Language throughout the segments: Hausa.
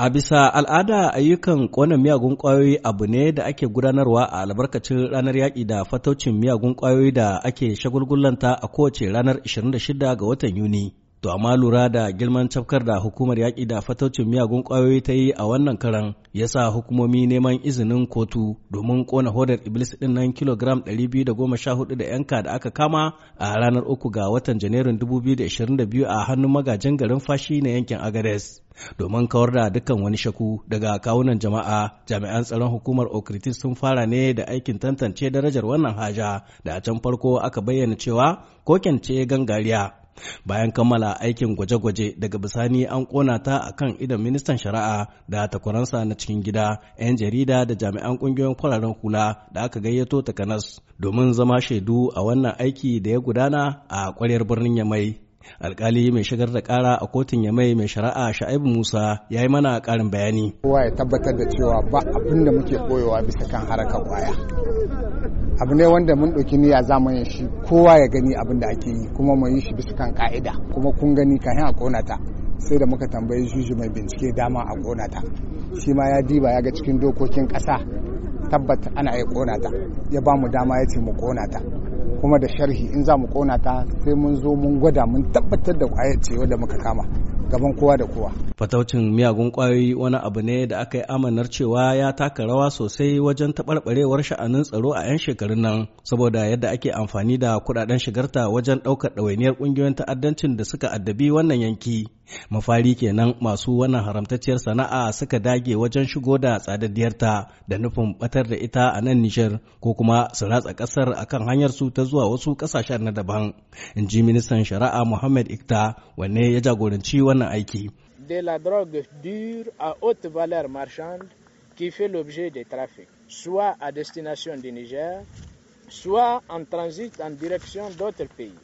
A bisa al'ada ayyukan ƙona miyagun kwayoyi abu ne da ake gudanarwa a albarkacin ranar yaƙi da fataucin miyagun kwayoyi da ake shagulgullanta a kowace ranar 26 ga watan Yuni. To amma lura da girman cafkar da hukumar yaƙi da fataucin miyagun ƙwayoyi ta yi a wannan karan ya sa hukumomi neman izinin kotu domin ƙona hodar iblis ɗin nan kilogram 214 da yanka da aka kama a ranar uku ga watan Janairun 2022 a hannun magajin garin fashi na yankin Agades. Domin kawar da dukkan wani shaku daga kawunan jama'a, jami'an tsaron hukumar Okritis sun fara ne da aikin tantance darajar wannan haja da a can farko aka bayyana cewa koken ce gangariya. bayan kammala aikin gwaje-gwaje daga bisani an kona ta a kan idan ministan shari'a da takwaransa na cikin gida 'yan jarida da jami'an kungiyoyin kwararen hula da aka gayyato takanas domin zama shaidu a wannan aiki da ya gudana a kwaryar birnin yamai alkali mai shigar da kara a kotun ya mai shari'a sha'ibu musa ya yi mana karin bayani kowa ya tabbatar da cewa ba abin da muke koyowa bisa kan haraka kwaya abu ne wanda mun ɗauki niyya za mu yi shi kowa ya gani abin da ake yi kuma mu yi shi bisa kan ka'ida kuma kun gani kayan a konata sai da muka tambayi juju mai bincike dama a konata shi ma ya diba ya ga cikin dokokin ƙasa tabbata ana iya konata ya ba mu dama ya ce mu konata kuma da sharhi in za mu kona ta sai mun zo mun gwada mun tabbatar da kwayar ce wadda muka kama gaban kowa da kowa. Fataucin miyagun kwayoyi wani abu ne da aka yi amanar cewa ya taka rawa sosai wajen taɓarɓarewar sha'anin tsaro a 'yan shekarun nan saboda yadda ake amfani da kuɗaɗen shigarta wajen ɗaukar ɗawainiyar ƙungiyoyin ta'addancin da suka addabi wannan yanki. mafari kenan masu wannan haramtacciyar sana'a suka dage wajen shigo da tsadaddiyar ta da nufin batar da ita a nan Nijar ko kuma su ratsa kasar akan hanyar su ta zuwa wasu kasashen na daban. In ji ministan shari'a Muhammad Ikta wanne ya jagoranci wannan aiki. De la drogue dure à haute valeur marchande qui fait l'objet de trafic. soit à destination du Niger, soit en transit en direction d'autres pays.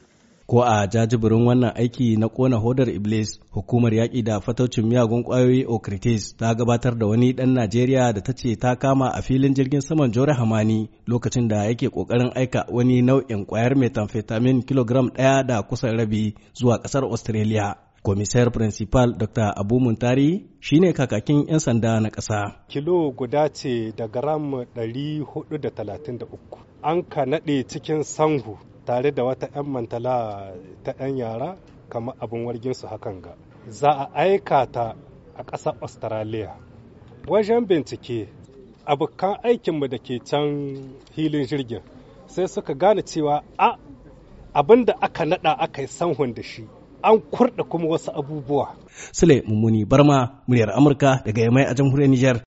Ko a jajibirin wannan aiki na kona hodar Iblis, hukumar yaƙi da fataucin miyagun ƙwayoyi Okritis ta gabatar da wani ɗan Najeriya da ta ce ta kama a filin jirgin saman Jore Hamani lokacin da yake ƙoƙarin aika wani nau'in ƙwayar methamphetamine kilogram ɗaya da kusan rabi zuwa ƙasar Australia. komisar Principal Dr. Abu Muntari shine kakakin 'yan sanda na ƙasa. Kilo guda ce da gram 433 an ka naɗe cikin sangu tare da wata 'yan mantala ta 'yan yara kamar abin warginsu hakan ga za a aika ta a ƙasar australia wajen bincike abokan aikinmu da ke can filin jirgin sai suka gane cewa a abin da aka nada aka yi sanhun da shi an kurda kuma wasu abubuwa sule mummuni barma muryar amurka daga yamai a jamhuriyar niger